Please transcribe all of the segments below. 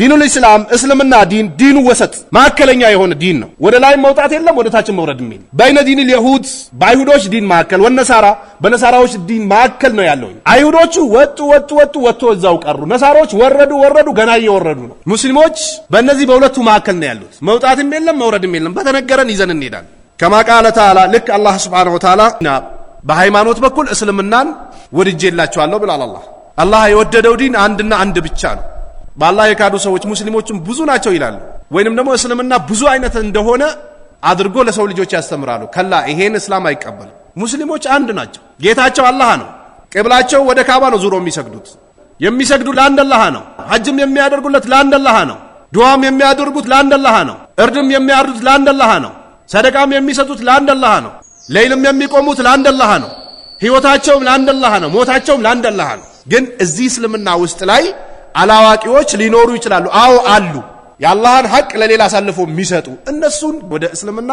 ዲኑል ኢስላም እስልምና ዲን ዲኑ ወሰጥ ማዕከለኛ የሆነ ዲን ነው። ወደ ላይም መውጣት የለም ወደ ታችን መውረድ የሚል በይነ ዲን ልየሁድ በአይሁዶች ዲን ማዕከል ወነሳራ በነሳራዎች ዲን ማዕከል ነው ያለው። አይሁዶቹ ወጡ ወጡ ወጡ ወጥቶ እዛው ቀሩ። ነሳሮች ወረዱ ወረዱ ገና እየወረዱ ነው። ሙስሊሞች በእነዚህ በሁለቱ ማዕከል ነው ያሉት። መውጣትም የለም መውረድም የለም። በተነገረን ይዘን እንሄዳለን። ከማ ቃለ ተዓላ ልክ አላህ ሱብሓነሁ ወተዓላ በሃይማኖት በኩል እስልምናን ወድጄላችኋለሁ ብሏል። አላህ አላህ የወደደው ዲን አንድና አንድ ብቻ ነው። በአላህ የካዱ ሰዎች ሙስሊሞችም ብዙ ናቸው ይላሉ። ወይንም ደግሞ እስልምና ብዙ አይነት እንደሆነ አድርጎ ለሰው ልጆች ያስተምራሉ። ከላ ይሄን እስላም አይቀበልም። ሙስሊሞች አንድ ናቸው። ጌታቸው አላህ ነው። ቅብላቸው ወደ ካባ ነው ዙሮ የሚሰግዱት። የሚሰግዱ ለአንድ አላህ ነው። ሐጅም የሚያደርጉለት ለአንድ አላህ ነው። ዱዓም የሚያደርጉት ለአንድ አላህ ነው። እርድም የሚያርዱት ለአንድ አላህ ነው። ሰደቃም የሚሰጡት ለአንድ አላህ ነው። ሌይልም የሚቆሙት ለአንድ አላህ ነው። ሕይወታቸውም ለአንድ አላህ ነው። ሞታቸውም ለአንድ አላህ ነው። ግን እዚህ እስልምና ውስጥ ላይ አላዋቂዎች ሊኖሩ ይችላሉ። አዎ አሉ። የአላህን ሀቅ ለሌላ አሳልፎ የሚሰጡ እነሱን ወደ እስልምና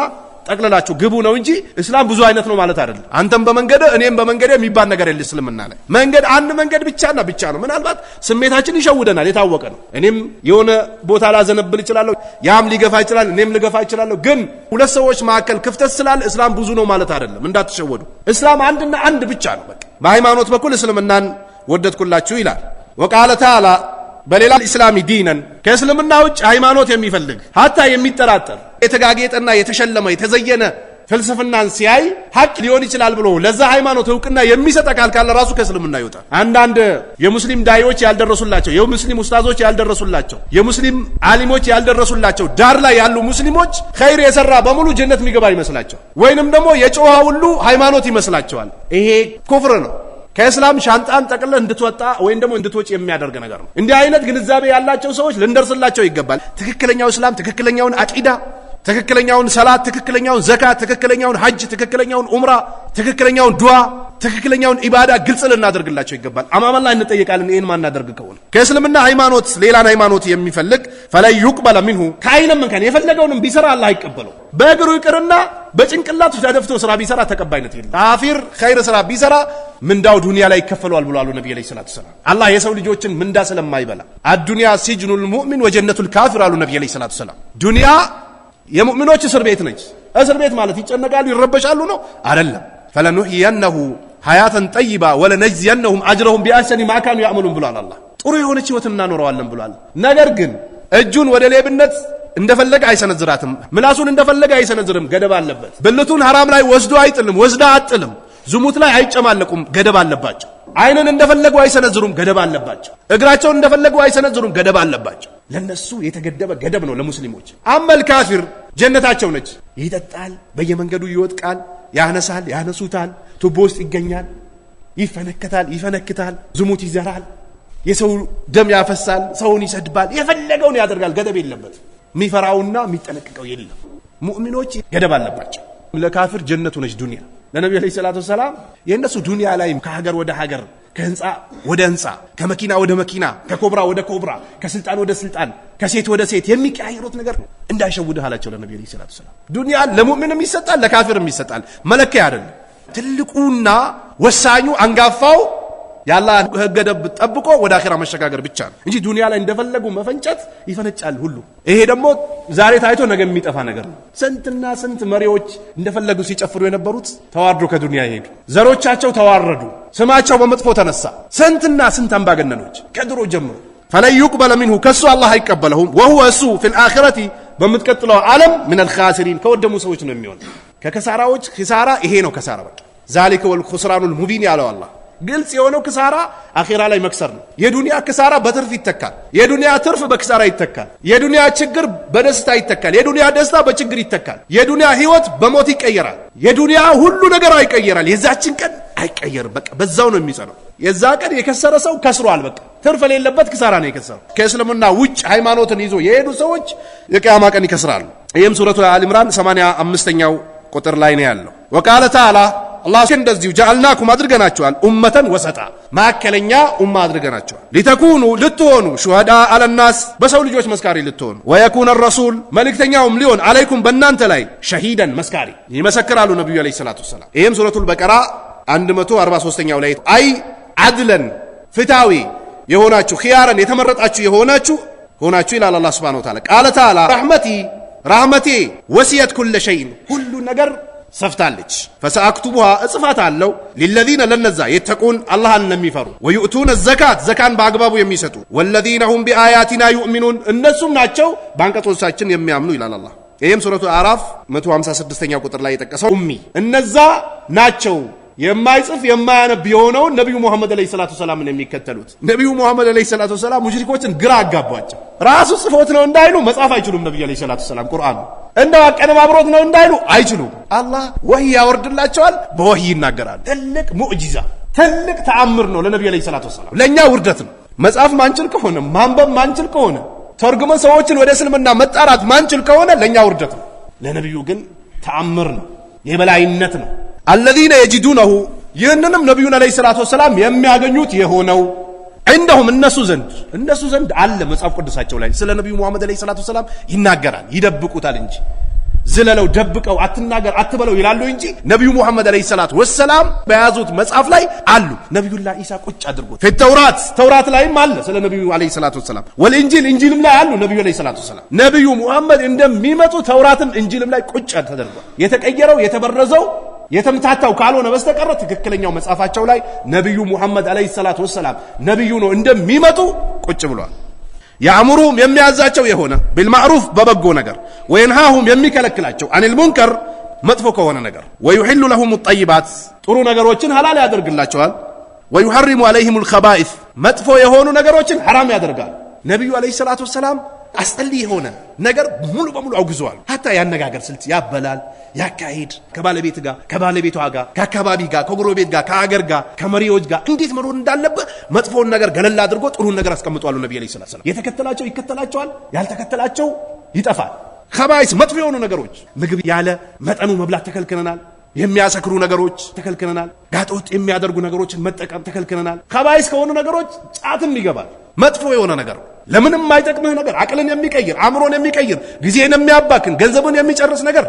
ጠቅልላቸው ግቡ ነው እንጂ እስላም ብዙ አይነት ነው ማለት አይደለም። አንተም በመንገድ እኔም በመንገድ የሚባል ነገር የለ። እስልምና ላይ መንገድ አንድ መንገድ ብቻና ብቻ ነው። ምናልባት ስሜታችን ይሸውደናል፣ የታወቀ ነው። እኔም የሆነ ቦታ ላዘነብል ይችላለሁ ያም ሊገፋ ይችላል፣ እኔም ልገፋ ይችላለሁ ግን ሁለት ሰዎች መካከል ክፍተት ስላለ እስላም ብዙ ነው ማለት አይደለም፣ እንዳትሸወዱ። እስላም አንድና አንድ ብቻ ነው። በቃ በሃይማኖት በኩል እስልምናን ወደድኩላችሁ ይላል። ወቃለ ተዓላ በሌላ ኢስላሚ ዲነን ከእስልምና ውጭ ሃይማኖት የሚፈልግ ሀታ የሚጠራጠር የተጋጌጠና የተሸለመ የተዘየነ ፍልስፍናን ሲያይ ሀቅ ሊሆን ይችላል ብሎ ለዛ ሃይማኖት እውቅና የሚሰጥ አካል ካለ ራሱ ከእስልምና ይወጣ። አንዳንድ የሙስሊም ዳዮች ያልደረሱላቸው፣ የሙስሊም ኡስታዞች ያልደረሱላቸው፣ የሙስሊም አሊሞች ያልደረሱላቸው ዳር ላይ ያሉ ሙስሊሞች ኸይር የሰራ በሙሉ ጀነት የሚገባ ይመስላቸው ወይንም ደግሞ የጮኸ ሁሉ ሃይማኖት ይመስላቸዋል። ይሄ ኩፍር ነው። ከእስላም ሻንጣን ጠቅልለህ እንድትወጣ ወይም ደግሞ እንድትወጭ የሚያደርግ ነገር ነው። እንዲህ አይነት ግንዛቤ ያላቸው ሰዎች ልንደርስላቸው ይገባል። ትክክለኛው እስላም፣ ትክክለኛውን አቂዳ፣ ትክክለኛውን ሰላት፣ ትክክለኛውን ዘካ፣ ትክክለኛውን ሐጅ፣ ትክክለኛውን ኡምራ፣ ትክክለኛውን ዱዓ ትክክለኛውን ኢባዳ ግልጽ ልናደርግላቸው ይገባል። አማመን ላይ እንጠይቃለን። ይህን ማናደርግ ከሆነ ከእስልምና ሃይማኖት ሌላን ሃይማኖት የሚፈልግ ፈላይ ዩቅበለ ሚንሁ ከአይንም እንከን የፈለገውንም ቢሰራ አላህ አይቀበለው። በእግሩ ይቅርና በጭንቅላቱ ተደፍቶ ስራ ቢሰራ ተቀባይነት የለም። ካፊር ኸይር ስራ ቢሰራ ምንዳው ዱንያ ላይ ይከፈለዋል ብሏሉ ነቢ ላይ ሰላቱ ሰላም። አላህ የሰው ልጆችን ምንዳ ስለማይበላ አዱንያ ሲጅኑል ሙእሚን ወጀነቱል ካፊር አሉ ነቢ ላይ ሰላቱ ሰላም። ዱንያ የሙእሚኖች እስር ቤት ነች። እስር ቤት ማለት ይጨነቃሉ ይረበሻሉ ነው አደለም። ፈለኑሕየነሁ ሀያተን ጠይባ ወለነጅዚየነሁም አጅረሁም ቢአሰኒ ማካኑ ያዕመሉን ብሏል። አላህ ጥሩ የሆነች ህይወትን እናኖረዋለን ብሏል። ነገር ግን እጁን ወደ ሌብነት እንደፈለገ አይሰነዝራትም። ምላሱን እንደፈለገ አይሰነዝርም፣ ገደብ አለበት። ብልቱን ሐራም ላይ ወስዶ አይጥልም፣ ወስዳ አጥልም። ዝሙት ላይ አይጨማለቁም፣ ገደብ አለባቸው። አይንን እንደፈለጉ አይሰነዝሩም፣ ገደብ አለባቸው። እግራቸውን እንደፈለጉ አይሰነዝሩም፣ ገደብ አለባቸው። ለነሱ የተገደበ ገደብ ነው ለሙስሊሞች። አመል ካፊር ጀነታቸው ነች። ይጠጣል፣ በየመንገዱ ይወጥቃል፣ ያነሳል፣ ያነሱታል፣ ቱቦ ውስጥ ይገኛል፣ ይፈነከታል፣ ይፈነክታል፣ ዝሙት ይዘራል፣ የሰው ደም ያፈሳል፣ ሰውን ይሰድባል፣ የፈለገውን ያደርጋል። ገደብ የለበት። የሚፈራውና የሚጠነቅቀው የለም። ሙእሚኖች ገደብ አለባቸው። ለካፊር ጀነቱ ነች ዱንያ ለነቢ ለ ሰላት ወሰላም የእነሱ ዱንያ ላይም ከሀገር ወደ ሀገር ከህንፃ ወደ ህንፃ ከመኪና ወደ መኪና ከኮብራ ወደ ኮብራ ከስልጣን ወደ ስልጣን ከሴት ወደ ሴት የሚቀያየሩት ነገር ነው። እንዳይሸውድህ አላቸው ለነቢ ለ ሰላት ሰላም። ዱንያ ለሙእምንም ይሰጣል፣ ለካፊርም ይሰጣል። መለኪያ አይደለም። ትልቁና ወሳኙ አንጋፋው የአላህን ህገ ደንብ ጠብቆ ወደ አኼራ መሸጋገር ብቻ ነው እንጂ ዱንያ ላይ እንደፈለጉ መፈንጨት ይፈነጫል ሁሉ። ይሄ ደግሞ ዛሬ ታይቶ ነገ የሚጠፋ ነገር ነው። ስንትና ስንት መሪዎች እንደፈለጉ ሲጨፍሩ የነበሩት ተዋርዶ ከዱንያ ይሄዱ፣ ዘሮቻቸው ተዋረዱ፣ ስማቸው በመጥፎ ተነሳ። ስንትና ስንት አምባገነኖች ከድሮ ጀምሮ ፈለን ዩቅበለ ሚንሁ ከሱ አላህ አይቀበለሁም ወሁወ እሱ ፊል አኺረቲ በምትቀጥለው ዓለም ሚነል ኻሲሪን ከወደሙ ሰዎች ነው የሚሆን። ከከሳራዎች ኪሳራ ይሄ ነው። ከሳራ በቃ ዛሊከ ወል ሙቢን ያለው አላህ ግልጽ የሆነው ክሳራ አኼራ ላይ መክሰር ነው። የዱንያ ክሳራ በትርፍ ይተካል። የዱንያ ትርፍ በክሳራ ይተካል። የዱንያ ችግር በደስታ ይተካል። የዱንያ ደስታ በችግር ይተካል። የዱንያ ህይወት በሞት ይቀየራል። የዱንያ ሁሉ ነገር ይቀየራል። የዛችን ቀን አይቀየርም። በቃ በዛው ነው የሚጸነው። የዛ ቀን የከሰረ ሰው ከስሯል። በቃ ትርፍ የሌለበት ክሳራ ነው የከሰረው። ከእስልምና ውጭ ሃይማኖትን ይዞ የሄዱ ሰዎች የቅያማ ቀን ይከስራሉ። ይህም ሱረቱ አል ኢምራን 85ኛው ቁጥር ላይ ነው ያለው። ወቃለ ተዓላ አላህ እንደዚሁ ጀዐልናኩም አድርገናቸዋል ኡመተን ወሰጣ ማዕከለኛ ኡማ አድርገናቸዋል። ሊተኩኑ ልትሆኑ ሹሃዳ አለናስ በሰው ልጆች መስካሪ ልትሆኑ ወየኩነ ረሱል መልእክተኛውም ሊሆን አለይኩም በእናንተ ላይ ሸሂደን መስካሪ ይመሰክራሉ ነቢዩ ዓለይሂ ሰላቱ ወሰላም። ይህም ሱረቱል በቀራ 143ኛው ላይ አይ አድለን ፍታዊ የሆናችሁ ኪያረን የተመረጣችሁ የሆናችሁ ሆናችሁ ይላል አላህ ሱብሓነሁ ወተዓላ። ቃለ ተዓላ ረሕመቲ ረሕመቴ ወሲየት ኩለ ሸይን ሁሉ ነገር ሰፍታለች። ፈሰአክቱቡሃ እጽፋት አለው ሊለዚነ ለነዛ የተቁን አላህን ለሚፈሩ ወዩእቱነ ዘካት ዘካን በአግባቡ የሚሰጡ ወለዚነ ሁም ቢአያቲና ዩእሚኑን እነሱም ናቸው በአንቀጾቻችን የሚያምኑ ይላል አላህ። ይህም ሱረቱ አዕራፍ 156ኛ ቁጥር ላይ የጠቀሰው ሚ እነዛ ናቸው የማይጽፍ የማያነብ የሆነውን ነቢዩ ሙሐመድ ዓለይሂ ሰላቱ ሰላም ነው የሚከተሉት። ነቢዩ ሙሐመድ ዓለይሂ ሰላቱ ሰላም ሙሽሪኮችን ግራ አጋባቸው። ራሱ ጽፎት ነው እንዳይሉ መጻፍ አይችሉም። ነቢዩ ዓለይሂ ሰላቱ ሰላም ቁርአን እንደው አቀነባብሮት ነው እንዳይሉ አይችሉም። አላህ ወህይ ያወርድላቸዋል፣ በወህይ ይናገራሉ። ትልቅ ሙዕጂዛ፣ ትልቅ ተአምር ነው ለነቢዩ ዓለይሂ ሰላቱ ሰላም። ለእኛ ውርደት ነው። መጻፍ ማንችል ከሆነ ማንበብ ማንችል ከሆነ ተርጉመን ሰዎችን ወደ እስልምና መጣራት ማንችል ከሆነ ለእኛ ውርደት ነው። ለነቢዩ ግን ተአምር ነው፣ የበላይነት ነው። አለዚነ የጂዱነሁ ይህንንም ነቢዩን ዓለይሂ ሰላቱ ወሰላም የሚያገኙት የሆነው እንደሁም እነሱ ዘንድ እነሱ ዘንድ አለ። መጽሐፍ ቅዱሳቸው ላይ ስለ ነቢዩ ሙሐመድ ዓለይሂ ሰላቱ ወሰላም ይናገራል። ይደብቁታል እንጂ ዝለለው፣ ደብቀው፣ አትናገር፣ አትበለው ይላሉ እንጂ ነቢዩ ሙሐመድ ዓለይሂ ሰላቱ ወሰላም በያዙት መጽሐፍ ላይ አሉ። ነቢዩላ ኢሳ ቁጭ አድርጎት ፊት ተውራት ላይም አለ ስለ ነቢዩ ዓለይሂ ሰላቱ ወሰላም፣ ወልኢንጂል ኢንጂልም ላይ አሉ ነቢዩ ዓለይሂ ሰላቱ ወሰላም። ነቢዩ ሙሐመድ እንደሚመጡ ተውራትም ኢንጂልም ላይ ቁጭ ተደርጓል። የተቀየረው የተበረዘው የተምታታው ካልሆነ በስተቀረ ትክክለኛው መጽሐፋቸው ላይ ነቢዩ ሙሐመድ ዓለይሂ ሰላቱ ወሰላም ነቢዩ ነው እንደሚመጡ ቁጭ ብሏል። ያእምሩም የሚያዛቸው የሆነ ቢልማዕሩፍ በበጎ ነገር፣ ወየንሃሁም የሚከለክላቸው አኒል ሙንከር መጥፎ ከሆነ ነገር፣ ወዩሒሉ ለሁም ጠይባት ጥሩ ነገሮችን ሀላል ያደርግላቸዋል፣ ወዩሐሪሙ ዓለይሂም ልከባኢስ መጥፎ የሆኑ ነገሮችን ሐራም ያደርጋል። ነቢዩ ዓለይሂ ሰላቱ ወሰላም አስጠልይ የሆነ ነገር ሙሉ በሙሉ አውግዘዋል። ሀታ ያነጋገር ስልት፣ ያበላል፣ ያካሄድ ከባለቤት ጋር ከባለቤቷ ጋር ከአካባቢ ጋር ከጎረቤት ጋር ከአገር ጋር ከመሪዎች ጋር እንዴት መኖር እንዳለበት መጥፎውን ነገር ገለል አድርጎ ጥሩን ነገር አስቀምጠዋሉ። ነቢ ዐለይሂ ሰላም የተከተላቸው ይከተላቸዋል፣ ያልተከተላቸው ይጠፋል። ከባይስ መጥፎ የሆኑ ነገሮች ምግብ ያለ መጠኑ መብላት ተከልክለናል። የሚያሰክሩ ነገሮች ተከልክለናል። ጋጦት የሚያደርጉ ነገሮችን መጠቀም ተከልክለናል። ከባይስ ከሆኑ ነገሮች ጫትም ይገባል። መጥፎ የሆነ ነገር ለምንም የማይጠቅምህ ነገር፣ አቅልን የሚቀይር አእምሮን የሚቀይር ጊዜን የሚያባክን ገንዘብን የሚጨርስ ነገር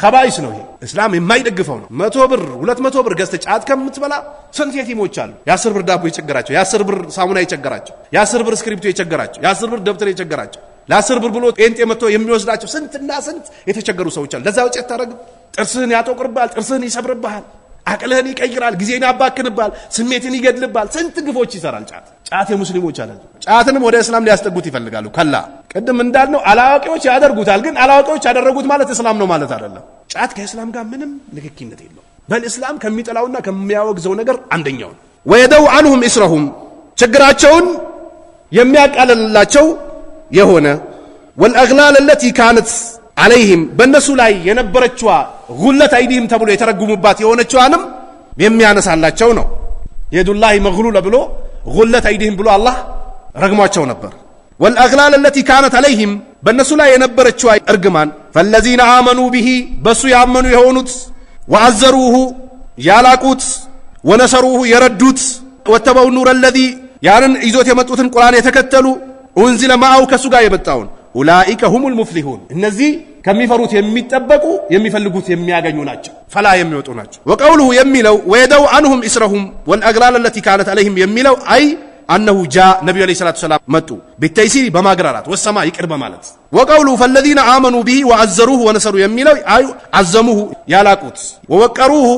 ከባይስ ነው። ይሄ እስላም የማይደግፈው ነው። መቶ ብር ሁለት መቶ ብር ገዝተ ጫት ከምትበላ ስንት የቲሞች አሉ። የአስር ብር ዳቦ የቸገራቸው፣ የአስር ብር ሳሙና የቸገራቸው፣ የአስር ብር እስክሪፕቶ የቸገራቸው፣ የአስር ብር ደብተር የቸገራቸው፣ ለአስር ብር ብሎ ጴንጤ መጥቶ የሚወስዳቸው ስንትና ስንት የተቸገሩ ሰዎች አሉ። ለዛ ውጭ ታደረግ ጥርስህን ያጦቅርብሃል፣ ጥርስህን ይሰብርብሃል። አቅልህን ይቀይራል፣ ጊዜን ያባክንባል፣ ስሜትን ይገድልባል። ስንት ግፎች ይሰራል ጫት። ጫት የሙስሊሞች አለ። ጫትንም ወደ እስላም ሊያስጠጉት ይፈልጋሉ። ከላ ቅድም እንዳልነው አላዋቂዎች ያደርጉታል። ግን አላዋቂዎች ያደረጉት ማለት እስላም ነው ማለት አይደለም። ጫት ከእስላም ጋር ምንም ንክኪነት የለው። በልእስላም እስላም ከሚጠላውና ከሚያወግዘው ነገር አንደኛው ነው። ወየደው አንሁም እስረሁም ችግራቸውን የሚያቃለልላቸው የሆነ ወልአግላል ለቲ ካነት አለይህም በእነሱ ላይ የነበረችዋ ጉለት አይዲህም ተብሎ የተረጉሙባት የሆነችዋንም የሚያነሳላቸው ነው። የዱላሂ መግሉለ ብሎ ጉለት አይዲህም ብሎ አላህ ረግሟቸው ነበር። ወልአግላል አለቲ ካነት አለይህም በእነሱ ላይ የነበረችዋ እርግማን ፈለዚነ አመኑ ብሂ በእሱ ያመኑ የሆኑት ወአዘሩሁ ያላቁት ወነሰሩሁ የረዱት ወተበው ኑረ ለዚ ያንን ይዞት የመጡትን ቁርአን የተከተሉ ኡንዚለ ማአው ከሱ ጋር የመጣውን ኡላኢከ ሁሙል ሙፍሊሁን እነዚህ ከሚፈሩት የሚጠበቁ የሚፈልጉት የሚያገኙ ናቸው፣ ፈላ የሚወጡ ናቸው። ወቀውሉሁ የሚለው ወየደው አንሁም እስረሁም ወልአግራል አለቲ ካነት አለይህም የሚለው አይ አነሁ ጃ ነቢዩ ዓለይሂ ሰላቱ ሰላም መጡ ቢተይሲር በማግራራት ወሰማ ይቅር በማለት ወቀውሉ ፈለዚነ አመኑ ቢሂ ወአዘሩሁ ወነሰሩ የሚለው አይ አዘሙሁ ያላቁት ወወቀሩሁ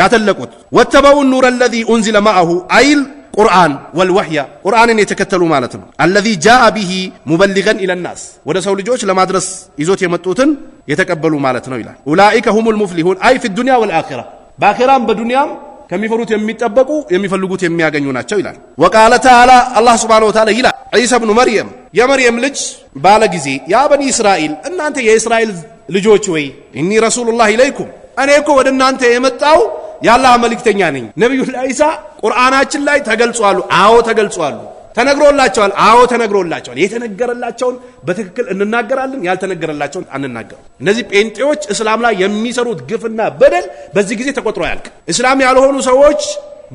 ያተለቁት ወተበው ኑረ አለዚ ኡንዚለ ማአሁ አይል ቁርአን ወልወህያ ቁርአንን የተከተሉ ማለት ነው። አለዚ ጃአ ቢሂ ሙበሊገን ኢለናስ ወደ ሰው ልጆች ለማድረስ ይዞት የመጡትን የተቀበሉ ማለት ነው ይላል። ኡላኢከ ሁሙል ሙፍሊሁን አይ ፊ ዱንያ ወልአኺራ በአኺራም በዱንያም ከሚፈሩት የሚጠበቁ የሚፈልጉት የሚያገኙ ናቸው ይላል። ወቃለ ተዓላ አላህ ሱብሓነሁ ወተዓላ ይላል ዒሳ ብኑ መርየም የመርየም ልጅ ባለ ጊዜ ያ በኒ እስራኤል እናንተ የእስራኤል ልጆች ወይ እኒ ረሱሉላህ ኢለይኩም እኔ እኮ ወደ እናንተ የመጣው የአላህ መልእክተኛ ነኝ ነቢዩላህ ዒሳ ቁርአናችን ላይ ተገልጿሉ። አዎ ተገልጿሉ። ተነግሮላቸዋል። አዎ ተነግሮላቸዋል። የተነገረላቸውን በትክክል እንናገራለን፣ ያልተነገረላቸውን አንናገሩ። እነዚህ ጴንጤዎች እስላም ላይ የሚሰሩት ግፍና በደል በዚህ ጊዜ ተቆጥሮ ያልቅ። እስላም ያልሆኑ ሰዎች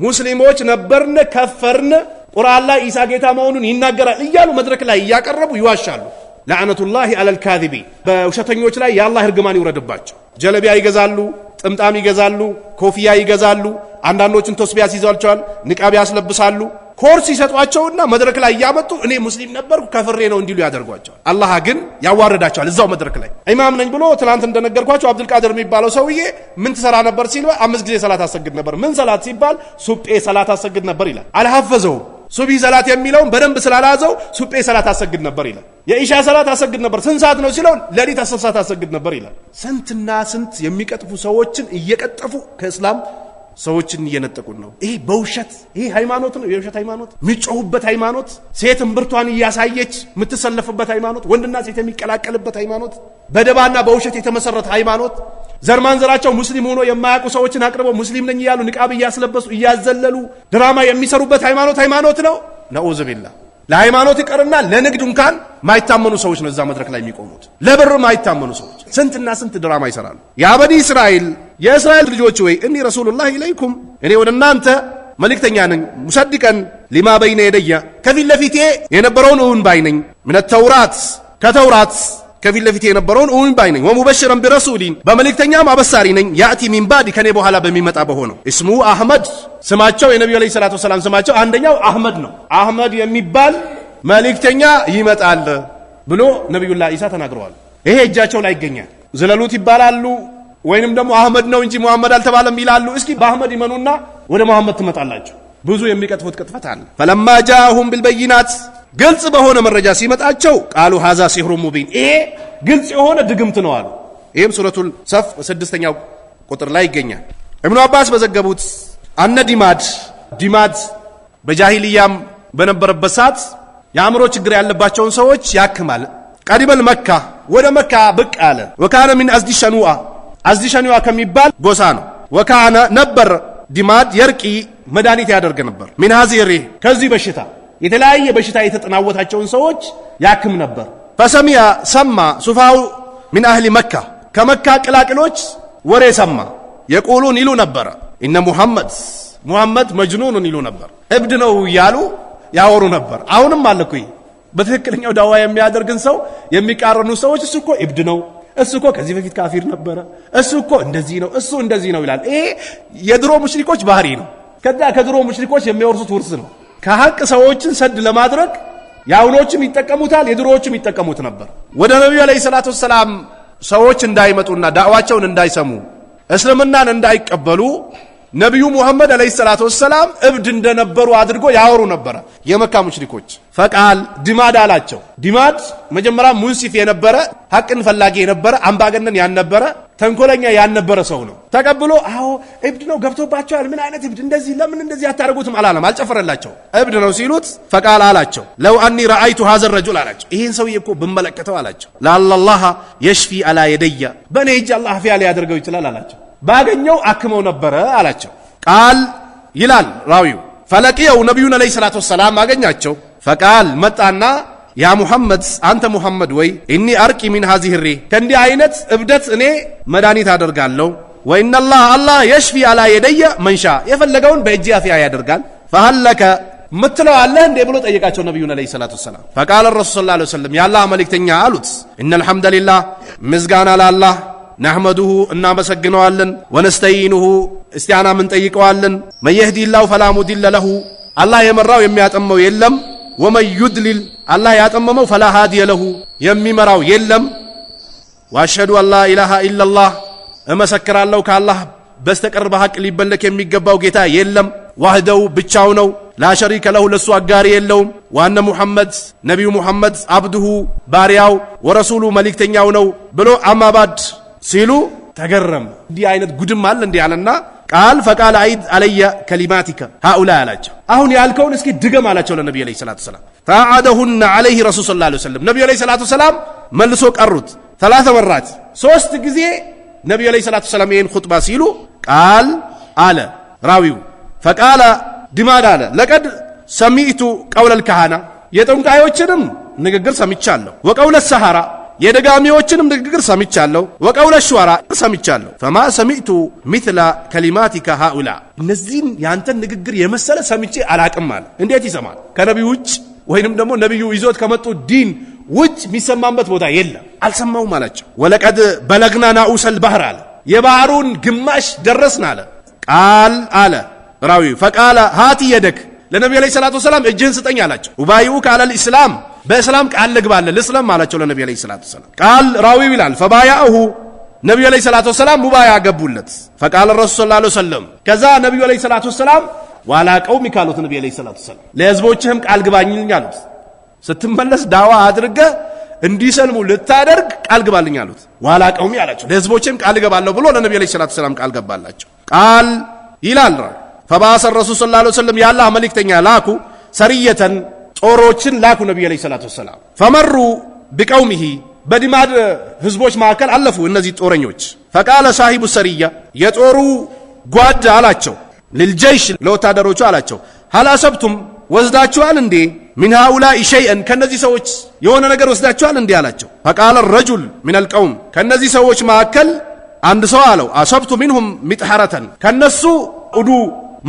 ሙስሊሞች ነበርን፣ ከፈርን፣ ቁርአን ላይ ኢሳ ጌታ መሆኑን ይናገራል እያሉ መድረክ ላይ እያቀረቡ ይዋሻሉ። ለዓነቱላሂ አለልካዚቢ በውሸተኞች ላይ የአላህ እርግማን ይውረድባቸው። ጀለቢያ ይገዛሉ ጥምጣም ይገዛሉ፣ ኮፍያ ይገዛሉ። አንዳንዶችን ቶስቢያ ይዟቸዋል፣ ንቃብ ያስለብሳሉ። ኮርስ ይሰጧቸውና መድረክ ላይ እያመጡ እኔ ሙስሊም ነበርኩ ከፍሬ ነው እንዲሉ ያደርጓቸዋል። አላህ ግን ያዋርዳቸዋል። እዛው መድረክ ላይ ኢማም ነኝ ብሎ ትናንት እንደነገርኳቸው አብዱልቃድር የሚባለው ሰውዬ ምን ትሰራ ነበር ሲል አምስት ጊዜ ሰላት አሰግድ ነበር። ምን ሰላት ሲባል ሱጴ ሰላት አሰግድ ነበር ይላል። አልሐፈዘውም ሱቢ ሰላት የሚለውን በደንብ ስላላዘው ሱጴ ሰላት አሰግድ ነበር ይላል። የኢሻ ሰላት አሰግድ ነበር። ስንት ሰዓት ነው ሲለው ሌሊት አስር ሰዓት አሰግድ ነበር ይላል። ስንትና ስንት የሚቀጥፉ ሰዎችን እየቀጠፉ ከእስላም ሰዎችን እየነጠቁን ነው። ይሄ በውሸት ይሄ ሃይማኖት ነው። የውሸት ሃይማኖት የሚጮሁበት ሃይማኖት፣ ሴት እምብርቷን እያሳየች የምትሰለፍበት ሃይማኖት፣ ወንድና ሴት የሚቀላቀልበት ሃይማኖት፣ በደባና በውሸት የተመሰረተ ሃይማኖት፣ ዘር ማንዘራቸው ሙስሊም ሆኖ የማያውቁ ሰዎችን አቅርበው ሙስሊም ነኝ እያሉ ንቃብ እያስለበሱ እያዘለሉ ድራማ የሚሰሩበት ሃይማኖት ሃይማኖት ነው። ነዑዝ ቢላህ ለሃይማኖት ይቀርና ለንግድ እንኳን ማይታመኑ ሰዎች ነው እዛ መድረክ ላይ የሚቆሙት። ለብር ማይታመኑ ሰዎች ስንትና ስንት ድራማ ይሰራሉ። ያ በኒ እስራኤል የእስራኤል ልጆች ወይ እኒ ረሱሉላህ ኢለይኩም እኔ ወደ እናንተ መልእክተኛ ነኝ። ሙሰድቀን ሊማ በይነ የደየ ከፊት ለፊቴ የነበረውን እውን ባይ ነኝ። ተውራት ከተውራት ከፊት ለፊት የነበረውን ኡሚን ባይ ነኝ። ወሙበሽረን ቢረሱሊን በመልእክተኛም አበሳሪ ነኝ። ያእቲ ሚን ከኔ በኋላ በሚመጣ በሆነው እስሙ አህመድ ስማቸው የነቢዩ ዓለይሂ ሰላቱ ወሰላም ስማቸው አንደኛው አህመድ ነው። አህመድ የሚባል መልእክተኛ ይመጣል ብሎ ነቢዩላ ኢሳ ተናግረዋል። ይሄ እጃቸው ላይ ይገኛል። ዝለሉት ይባላሉ ወይንም ደግሞ አህመድ ነው እንጂ ሙሐመድ አልተባለም ይላሉ። እስኪ በአህመድ ይመኑና ወደ መሐመድ ትመጣላችሁ። ብዙ የሚቀጥፉት ቅጥፈት አለ። ፈለማ ጃአሁም ቢልበይናት ግልጽ በሆነ መረጃ ሲመጣቸው ቃሉ ሀዛ ሲሕሩ ሙቢን፣ ይሄ ግልጽ የሆነ ድግምት ነው አሉ። ይህም ሱረቱል ሰፍ ስድስተኛው ቁጥር ላይ ይገኛል። እብኑ አባስ በዘገቡት አነ ዲማድ ዲማድ በጃሂልያም በነበረበት ሰዓት የአእምሮ ችግር ያለባቸውን ሰዎች ያክማል። ቀዲመል መካ ወደ መካ ብቅ አለ። ወካነ ሚን አዝዲ ሸኑአ አዝዲ ሸኑአ ከሚባል ጎሳ ነው። ወካነ ነበር ዲማድ የርቂ መድኃኒት ያደርገ ነበር። ሚን ሀዚሪ ከዚህ በሽታ የተለያየ በሽታ የተጠናወታቸውን ሰዎች ያክም ነበር። ፈሰሚያ ሰማ ሱፋው ሚን አህሊ መካ ከመካ ቅላቅሎች ወሬ ሰማ። የቁሉን ይሉ ነበረ እነ ሙሐመድ ሙሐመድ መጅኑኑን ይሉ ነበር፣ እብድ ነው እያሉ ያወሩ ነበር። አሁንም አለኩ በትክክለኛው ዳዋ የሚያደርግን ሰው የሚቃረኑ ሰዎች እሱ እኮ እብድ ነው፣ እሱ እኮ ከዚህ በፊት ካፊር ነበረ፣ እሱ እኮ እንደዚህ ነው፣ እሱ እንደዚህ ነው ይላል። ይሄ የድሮ ሙሽሪኮች ባህሪ ነው። ከዛ ከድሮ ሙሽሪኮች የሚወርሱት ውርስ ነው። ከሀቅ ሰዎችን ሰድ ለማድረግ የአሁኖችም ይጠቀሙታል፣ የድሮዎችም ይጠቀሙት ነበር። ወደ ነቢዩ ዓለይሂ ሰላቱ ወሰላም ሰዎች እንዳይመጡና ዳዕዋቸውን እንዳይሰሙ እስልምናን እንዳይቀበሉ ነቢዩ ሙሐመድ ዓለይሂ ሰላቱ ወሰላም እብድ እንደነበሩ አድርጎ ያወሩ ነበረ። የመካ ሙሽሪኮች ፈቃል ዲማድ አላቸው። ዲማድ መጀመሪያ ሙንሲፍ የነበረ ሀቅን ፈላጊ የነበረ አምባገነን ያልነበረ ተንኮለኛ ያልነበረ ሰው ነው። ተቀብሎ አዎ እብድ ነው ገብቶባቸዋል። ምን አይነት እብድ እንደዚህ ለምን እንደዚህ አታደርጉትም አላለም። አልጨፈረላቸው። እብድ ነው ሲሉት ፈቃል አላቸው ለው አኒ ረአይቱ ሀዘን ረጁል አላቸው። ይህን ሰውዬ እኮ ብመለከተው አላቸው ለአላላህ የሽፊ አላ የደያ በእኔ እጅ አላህ ፊያ ሊያደርገው ይችላል አላቸው። ባገኘው አክመው ነበረ አላቸው። ቃል ይላል ራዊው ፈለቅየው ነቢዩን አለይሂ ሰላቱ ወሰላም አገኛቸው። ፈቃል መጣና ያ ሙሐመድ አንተ ሙሐመድ ወይ እኒ አርቂ ሚን ሃዚህ ሪ ከእንዲህ አይነት እብደት እኔ መድኃኒት አደርጋለሁ። ወኢነላህ አላህ የሽፊ አላ የደየ መንሻ የፈለገውን በእጅ አፍያ ያደርጋል። ፈሀለከ ምትለው አለህ እንዴ ብሎ ጠየቃቸው ነቢዩን ዓለይሂ ሰላቱ ወሰላም። ፈቃለ ረሱል ሰለላሁ ዓለይሂ ወሰለም የአላህ መልእክተኛ አሉት፣ እነል ሐምደ ሊላህ ምስጋና ላላህ ናሕመዱሁ እናመሰግነዋለን፣ ወነስተይኑሁ እስቲያና ምንጠይቀዋለን፣ መን ፈላ ሙዲለ ለሁ አላህ የመራው የሚያጠመው የለም ወመን ዩድሊል አላህ ያጠመመው ፈላ ሃዲየ ለሁ የሚመራው የለም። ወአሽሀዱ አላ ኢላሃ ኢለላህ እመሰክራለሁ ከአላህ በስተቀር በሐቅ ሊበለክ የሚገባው ጌታ የለም። ዋህደው ብቻው ነው። ላሸሪከ ለሁ ለሱ አጋሪ የለውም። ዋነ ሙሐመድ ነቢዩ ሙሐመድ አብድሁ ባሪያው ወረሱሉ መልእክተኛው ነው ብሎ አማባድ ሲሉ ተገረም። እንዲህ አይነት ጉድም አለ እንዲህ አለና ቃል ፈቃል አይድ አለየ ከሊማቲከ ሃኡላ አላቸው። አሁን ያልከውን እስኪ ድገም አላቸው ለነቢዩ ዐለይሂ ሰላቱ ሰላም። ፈአደሁነ ዐለይሂ ረሱል ሰለላሁ ዐለይሂ ወሰለም። ነቢዩ ዐለይሂ ሰላቱ ሰላም መልሶ ቀሩት ተላተ ወራት ሶስት ጊዜ ነቢዩ ዐለይሂ ሰላቱ ሰላም ይህን ኹጥባ ሲሉ ቃል አለ ራዊው ፈቃለ ድማድ አለ ለቀድ ሰሚዕቱ ቀውለል ከሃና የጠንቋዮችንም ንግግር ሰምቻለሁ ወቀውለ ሰሃራ የደጋሚዎችንም ንግግር ሰምቻለሁ። ወቀውለ ሹዓራ ሰምቻለሁ። ፈማ ሰሚዕቱ ሚትላ ከሊማቲከ ሃኡላ እነዚህን የአንተን ንግግር የመሰለ ሰምቼ አላቅም አለ። እንዴት ይሰማል? ከነቢዩ ውጭ ወይንም ደግሞ ነቢዩ ይዞት ከመጡ ዲን ውጭ የሚሰማበት ቦታ የለም። አልሰማውም አላቸው። ወለቀድ በለግና ናኡሰል ባህር አለ። የባህሩን ግማሽ ደረስን አለ። ቃል አለ ራዊ ፈቃለ ሃቲ የደክ ለነቢዩ ዓለይሂ ሰላቱ ወሰላም እጅህን ስጠኝ አላቸው። ኡባይኡ ካለል ኢስላም በእስላም ቃል ልግባለ ልስለም አላቸው ለነቢ ለ ሰላት ሰላም ቃል ራዊው ይላል ፈባያእሁ ነቢዩ ለ ሰላት ወሰላም ሙባያ ገቡለት ፈቃል ረሱል ስላ ሰለም ከዛ ነቢዩ ለ ሰላት ወሰላም ዋላ ቀውሚ ካሉት ነቢ ለ ሰላት ወሰላም ለህዝቦችህም ቃል ግባኝልኝ አሉት ስትመለስ ዳዋ አድርገ እንዲሰልሙ ልታደርግ ቃል ግባልኝ አሉት ዋላ ቀውሚ አላቸው ለህዝቦችም ቃል እገባለሁ ብሎ ለነቢ ለ ሰላት ሰላም ቃል ገባላቸው ቃል ይላል ፈባሰ ረሱል ስላ ሰለም የአላህ መልእክተኛ ላኩ ሰሪየተን ጦሮችን ላኩ ነቢዩ ዓለይሂ ሰላቱ ወሰላም። ፈመሩ ቢቀውሚሂ በድማድ ህዝቦች መካከል አለፉ እነዚህ ጦረኞች። ፈቃለ ሳሂቡ ሰርያ የጦሩ ጓድ አላቸው፣ ልልጀይሽ ለወታደሮቹ አላቸው፣ ሀል አሰብቱም ወስዳችኋል እንዴ ሚን ሃኡላኢ ሸይአን ከእነዚህ ሰዎች የሆነ ነገር ወስዳችኋል እንዴ አላቸው። ፈቃለ ረጁል ሚን አልቀውም ከእነዚህ ሰዎች መካከል አንድ ሰው አለው አሰብቱ ሚንሁም ሚጥሐረተን ከእነሱ እዱ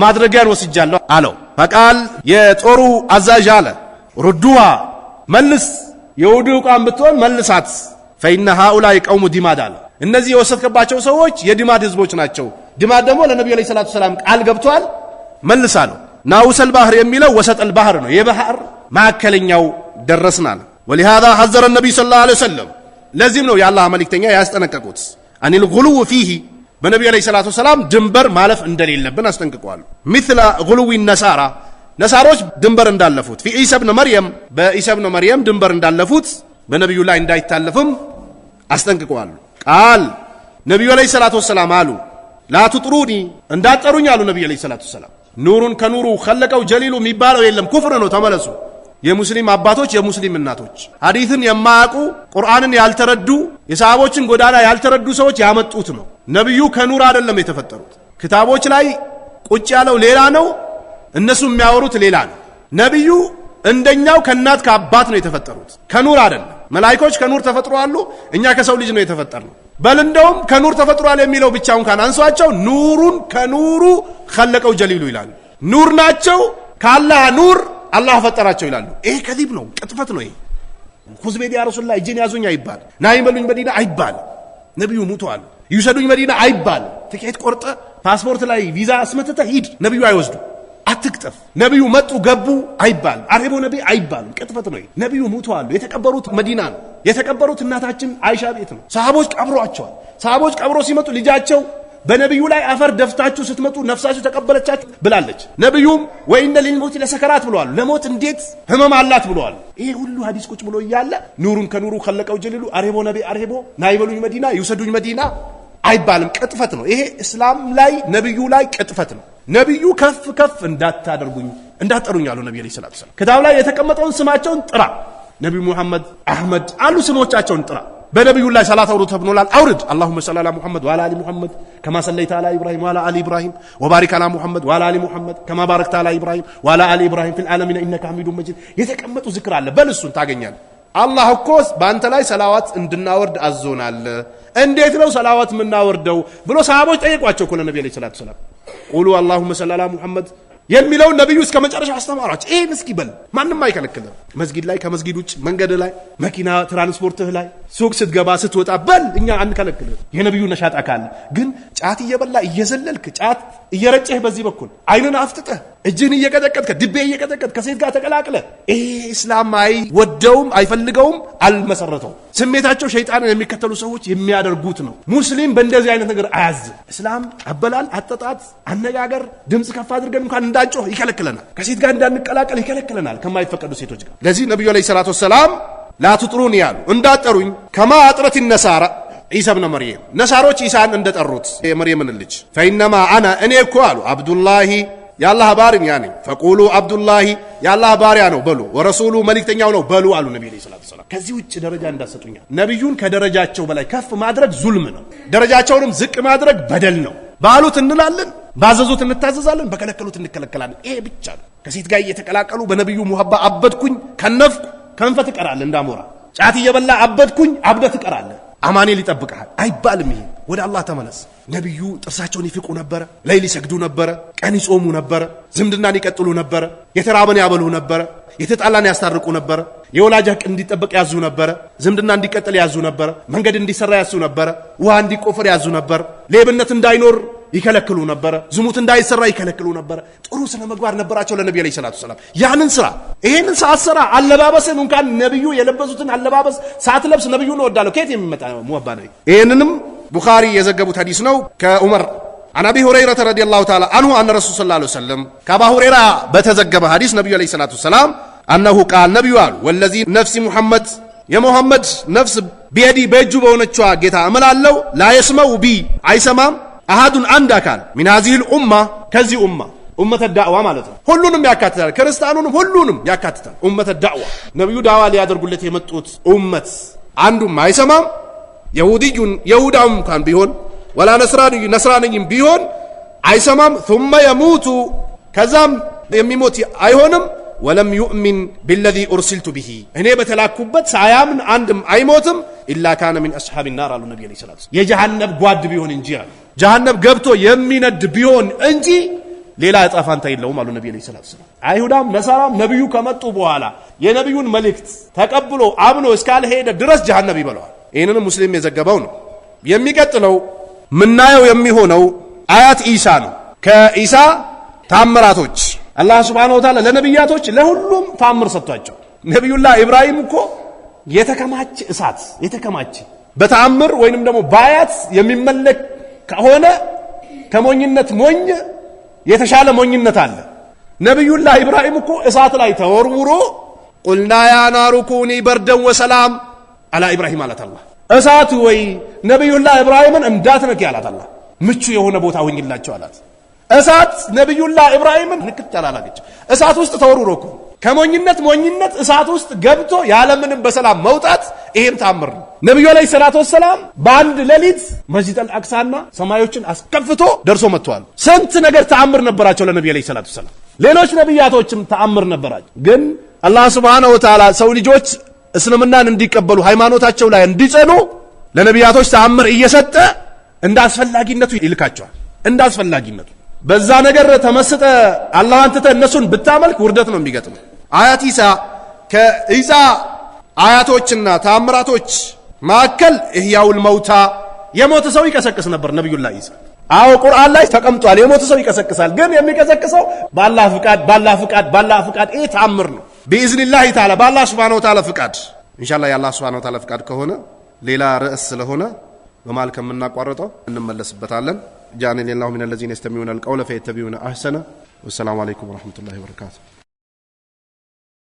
ማድረጊያን ወስጃለሁ አለው። ፈቃል የጦሩ አዛዥ አለ ሩዱዋ መልስ፣ የውዱ ዕቃን ብትሆን መልሳት፣ ፈኢነ ሃኡላይ ቀውሙ ዲማድ አለ። እነዚህ የወሰድከባቸው ሰዎች የዲማድ ህዝቦች ናቸው። ዲማድ ደግሞ ለነቢዩ ዓለይሂ ሰላቱ ሰላም ቃል ገብቷል። መልስ አለው። ናውሰል ባህር የሚለው ወሰጠል ባህር ነው። የባህር ማዕከለኛው ደረስናል። ወሊሃዛ ሐዘረ ነቢዩ ሰለላሁ ዐለይሂ ወሰለም ለዚህም ነው የአላህ መልእክተኛ ያስጠነቀቁት አኒል ጉሉው ፊሂ በነቢዩ ዓለይሂ ሰላቱ ሰላም ድንበር ማለፍ እንደሌለብን አስጠንቅቀዋል። ሚስለ ጉሉዊ ነሳራ ነሳሮች ድንበር እንዳለፉት ፊ ዒሳ ብነ መርየም በዒሳ ብነ መርየም ድንበር እንዳለፉት በነቢዩ ላይ እንዳይታለፍም አስጠንቅቀዋል። ቃል ነቢዩ ዓለይሂ ሰላቱ ሰላም አሉ ላቱጥሩኒ እንዳጠሩኝ አሉ ነቢዩ ዓለይሂ ሰላቱ ሰላም ኑሩን ከኑሩ ከለቀው ጀሊሉ የሚባለው የለም ኩፍር ነው። ተመለሱ የሙስሊም አባቶች፣ የሙስሊም እናቶች ሐዲትን የማያውቁ ቁርአንን ያልተረዱ የሰሃቦችን ጎዳና ያልተረዱ ሰዎች ያመጡት ነው። ነቢዩ ከኑር አይደለም የተፈጠሩት። ክታቦች ላይ ቁጭ ያለው ሌላ ነው፣ እነሱ የሚያወሩት ሌላ ነው። ነቢዩ እንደኛው ከእናት ከአባት ነው የተፈጠሩት፣ ከኑር አይደለም። መላይኮች ከኑር አሉ። እኛ ከሰው ልጅ ነው የተፈጠርነው። በል እንደውም ከኑር ተፈጥሯል የሚለው ብቻውን አንሷቸው፣ ኑሩን ከኑሩ ከለቀው ጀሊሉ ይላሉ። ኑር ናቸው ከአላህ ኑር አላህ ፈጠራቸው ይላሉ። ይሄ ከዚብ ነው፣ ቅጥፈት ነው። ይሄ ሁዝቤድ ያ ረሱላ እጄን ያዙኝ አይባል፣ ናይም በሉኝ መዲና አይባል፣ ነቢዩ ሙተዋል፣ ይውሰዱኝ መዲና አይባል። ትኬት ቆርጠ ፓስፖርት ላይ ቪዛ አስመትተ ሂድ፣ ነቢዩ አይወስዱ፣ አትቅጠፍ። ነቢዩ መጡ ገቡ አይባል፣ አርሄቦ ነቢይ አይባል። ቅጥፈት ነው። ነቢዩ ሙተዋል፣ የተቀበሩት መዲና ነው። የተቀበሩት እናታችን አይሻ ቤት ነው። ሰሃቦች ቀብሯቸዋል። ሰሃቦች ቀብሮ ሲመጡ ልጃቸው በነቢዩ ላይ አፈር ደፍታችሁ ስትመጡ ነፍሳችሁ ተቀበለቻችሁ ብላለች። ነቢዩም ወይነ ሊልሞት ለሰከራት ብለዋል። ለሞት እንዴት ህመም አላት ብለዋል። ይሄ ሁሉ ሀዲስ ቁጭ ብሎ እያለ ኑሩን ከኑሩ ከለቀው ጀሊሉ አርሄቦ ነቢ አርሄቦ ናይበሉኝ መዲና ይውሰዱኝ መዲና አይባልም። ቅጥፈት ነው ይሄ። እስላም ላይ ነቢዩ ላይ ቅጥፈት ነው። ነቢዩ ከፍ ከፍ እንዳታደርጉኝ እንዳትጠሩኝ አሉ። ነቢ ለ ስላት ሰላም ክታብ ላይ የተቀመጠውን ስማቸውን ጥራ። ነቢዩ ሙሐመድ አህመድ አሉ። ስሞቻቸውን ጥራ በነቢዩ ላይ ሰላት አውርድ ተብሎላል። አውርድ አላሁመ ሰሊ አላ ሙሐመድ ወአላ አሊ ሙሐመድ ከማ ሰለይተ አላ ኢብራሂም ወአላ አሊ ኢብራሂም ወባሪክ አላ ሙሐመድ ወአላ አሊ ሙሐመድ ከማ ባረክተ አላ ኢብራሂም ወአላ አሊ ኢብራሂም ፊል ዓለሚን ኢነከ ሐሚዱ መጂድ የተቀመጡ ዝክር አለ። በል እሱን ታገኛለህ። አላህ እኮ በአንተ ላይ ሰላዋት እንድናወርድ አዞናል። እንዴት ነው ሰላዋት የምናወርደው ብሎ ሰሃቦች ጠየቋቸው እኮ ለነቢ ዓለይሂ ሰላቱ ወሰላም ቁሉ አላሁመ ሰሊ አላ ሙሐመድ የሚለው ነቢዩ እስከ መጨረሻ አስተማራቸው። ይህን እስኪ በል ማንም አይከለክልም። መስጊድ ላይ፣ ከመስጊድ ውጭ፣ መንገድ ላይ፣ መኪና ትራንስፖርትህ ላይ፣ ሱቅ ስትገባ ስትወጣ በል እኛ አንከለክልም። የነቢዩ ነሻጣ ካለ ግን ጫት እየበላ እየዘለልክ ጫት እየረጨህ በዚህ በኩል አይንን አፍጥጠህ እጅህን እየቀጠቀጥከ ድቤ እየቀጠቀጥ ከሴት ጋር ተቀላቅለ ይሄ እስላም አይወደውም፣ አይፈልገውም፣ አልመሰረተውም። ስሜታቸው ሸይጣንን የሚከተሉ ሰዎች የሚያደርጉት ነው። ሙስሊም በእንደዚህ አይነት ነገር አያዝ። እስላም አበላል፣ አጠጣት፣ አነጋገር ድምፅ ከፍ አድርገን እንኳን እንዳንጮህ ይከለክለናል። ከሴት ጋር እንዳንቀላቀል ይከለክለናል፣ ከማይፈቀዱ ሴቶች ጋር። ለዚህ ነቢዩ ዓለይሂ ሰላቱ ወሰላም ላትጥሩን ያሉ እንዳጠሩኝ ከማ አጥረት ይነሳራ ዒሳ ብነ መርየም ነሳሮች ዒሳን እንደጠሩት የመርየምን ልጅ ፈኢነማ አና እኔ እኮ አሉ አብዱላሂ የአላህ ባሪም ነኝ። ፈቁሉ አብዱላሂ የአላህ ባሪያ ነው በሉ፣ ወረሱሉ መልእክተኛው ነው በሉ አሉ ነቢ ዐለይሂ ሰላቱ ወሰላም። ከዚህ ውጭ ደረጃ እንዳሰጡኛ ነቢዩን ከደረጃቸው በላይ ከፍ ማድረግ ዙልም ነው። ደረጃቸውንም ዝቅ ማድረግ በደል ነው። ባሉት እንላለን፣ ባዘዙት እንታዘዛለን፣ በከለከሉት እንከለከላለን። ይሄ ብቻ ነው። ከሴት ጋር እየተቀላቀሉ በነቢዩ ሙሀባ አበድኩኝ ከነፍኩ ከንፈ ትቀራለህ እንዳሞራ ጫት እየበላ አበድኩኝ አብደ ትቀራለህ። አማኔል ይጠብቀሃል አይባልም። ይሄ ወደ አላህ ተመለስ። ነቢዩ ጥርሳቸውን ይፍቁ ነበረ፣ ሌሊት ይሰግዱ ነበረ፣ ቀን ይጾሙ ነበረ፣ ዝምድናን ይቀጥሉ ነበረ፣ የተራበን ያበሉ ነበረ፣ የተጣላን ያስታርቁ ነበረ፣ የወላጅ ሐቅ እንዲጠበቅ ያዙ ነበረ፣ ዝምድና እንዲቀጥል ያዙ ነበረ፣ መንገድ እንዲሰራ ያዙ ነበረ፣ ውሃ እንዲቆፈር ያዙ ነበር፣ ሌብነት እንዳይኖር ይከለክሉ ነበረ። ዝሙት እንዳይሰራ ይከለክሉ ነበረ። ጥሩ ስነ ምግባር ነበራቸው ለነቢዩ ዓለይሂ ሰላቱ ሰላም። ያንን ስራ ይህንን ሳትሰራ አለባበስን እንኳን ነቢዩ የለበሱትን አለባበስ ሳትለብስ ነቢዩ እንወዳለሁ ከየት የሚመጣ ሙባ ነቢ። ይህንንም ቡኻሪ የዘገቡት ሀዲስ ነው ከዑመር አን አቢ ሁረይረተ ረዲየላሁ ተዓላ አንሁ አነ ረሱል ሰለላሁ ዐለይሂ ወሰለም ከአባ ሁሬራ በተዘገበ ሐዲስ ነቢዩ ዓለይሂ ሰላቱ ሰላም አነሁ ቃል ነቢዩ አሉ ወለዚ ነፍሲ ሙሐመድ የሙሐመድ ነፍስ ቢየዲ በእጁ በሆነቿ ጌታ እምላለሁ ላየስመው ቢ አይሰማም አሃዱን አንድ አካል ሚን ኡማ ከዚህ ኡማ ኡመተ ዳዕዋ ማለት ነው። ሁሉንም ያካትታል። ክርስቲያኑንም ሁሉንም ያካትታል። ኡመተ ዳዕዋ ነቢዩ ዳዕዋ ሊያደርጉለት የመጡት ኡመት አንዱም አይሰማም የሁድዩን የሁዳም እንኳን ቢሆን ወላ ነስራንይም ቢሆን አይሰማም። ثመ የሙቱ ከዛም የሚሞት አይሆንም። ወለም ዩእሚን ቢለዚ ኡርሲልቱ ብሂ እኔ በተላኩበት ሳያምን አንድም አይሞትም። ኢላ ካነ ሚን አስሓቢ ናር አሉ ነቢ ለ ስላት የጀሃነብ ጓድ ቢሆን እንጂ አሉ ጀሃነም ገብቶ የሚነድ ቢሆን እንጂ ሌላ እጣ ፋንታ የለውም አሉ ነብዩ ሰለላሁ ዐለይሂ አይሁዳም ነሳራም ነብዩ ከመጡ በኋላ የነብዩን መልእክት ተቀብሎ አምኖ እስካልሄደ ድረስ ጀሃነም ይበለዋል። ይህንንም ሙስሊም የዘገበው ነው። የሚቀጥለው ምናየው የሚሆነው አያት ኢሳ ነው። ከኢሳ ታምራቶች አላህ ሱብሓነሁ ወተዓላ ለነብያቶች ለሁሉም ታምር ሰጥቷቸው ነቢዩላህ ኢብራሂም እኮ የተከማች እሳት የተከማች በተአምር ወይንም ደግሞ በአያት የሚመለክ ከሆነ ከሞኝነት ሞኝ የተሻለ ሞኝነት አለ። ነቢዩላህ ኢብራሂም እኮ እሳት ላይ ተወርውሮ ቁልና ያ ናሩ ኩኒ በርደን ወሰላም አላ ኢብራሂም አላት አላህ። እሳቱ ወይ ነቢዩላህ ኢብራሂምን እንዳትነኪ አላት አላህ። ምቹ የሆነ ቦታ ሁኝላቸው አላት። እሳት ነቢዩላህ ኢብራሂምን ንክት አላላገች። እሳት ውስጥ ተወርውሮ እኮ ከሞኝነት ሞኝነት እሳት ውስጥ ገብቶ ያለምንም በሰላም መውጣት ይሄም ታምር ነው። ነቢዩ አለይሂ ሰላቱ ወሰላም በአንድ ሌሊት መስጂድ አቅሳና ሰማዮችን አስከፍቶ ደርሶ መጥተዋል። ስንት ነገር ተአምር ነበራቸው ለነቢዩ አለይሂ ሰላቱ ወሰላም። ሌሎች ነቢያቶችም ተአምር ነበራቸው። ግን አላህ ሱብሓነሁ ወተዓላ ሰው ልጆች እስልምናን እንዲቀበሉ ሃይማኖታቸው ላይ እንዲጸኑ ለነቢያቶች ተአምር እየሰጠ እንደ አስፈላጊነቱ ይልካቸዋል። እንደ አስፈላጊነቱ በዛ ነገር ተመስጠ አላህ አንተ እነሱን ብታመልክ ውርደት ነው የሚገጥመው። አያት ኢሳ ከኢሳ አያቶችና ታምራቶች መካከል ኢህያውል መውታ የሞተ ሰው ይቀሰቅስ ነበር ነቢዩላህ ኢሳ። አዎ ቁርአን ላይ ተቀምጧል። የሞተ ሰው ይቀሰቅሳል። ግን የሚቀሰቅሰው ባላህ ፍቃድ፣ ባላህ ፍቃድ፣ ባላህ ፍቃድ። ይህ ታምር ነው። ቢኢዝኒላህ ተዓላ ባላህ ሱብሓነሁ ወተዓላ ፍቃድ። ኢንሻአላህ ያላህ ሱብሓነሁ ወተዓላ ፍቃድ ከሆነ ሌላ ርዕስ ስለሆነ በመሃል ከምናቋርጠው እንመለስበታለን። ጃኒ ሌላሁ ሚን አለዚነ የስተሚዑነ አልቀውለ ፈየተቢዑነ አሕሰነ። ወሰላሙ አለይኩም ወረሕመቱላሂ ወበረካቱ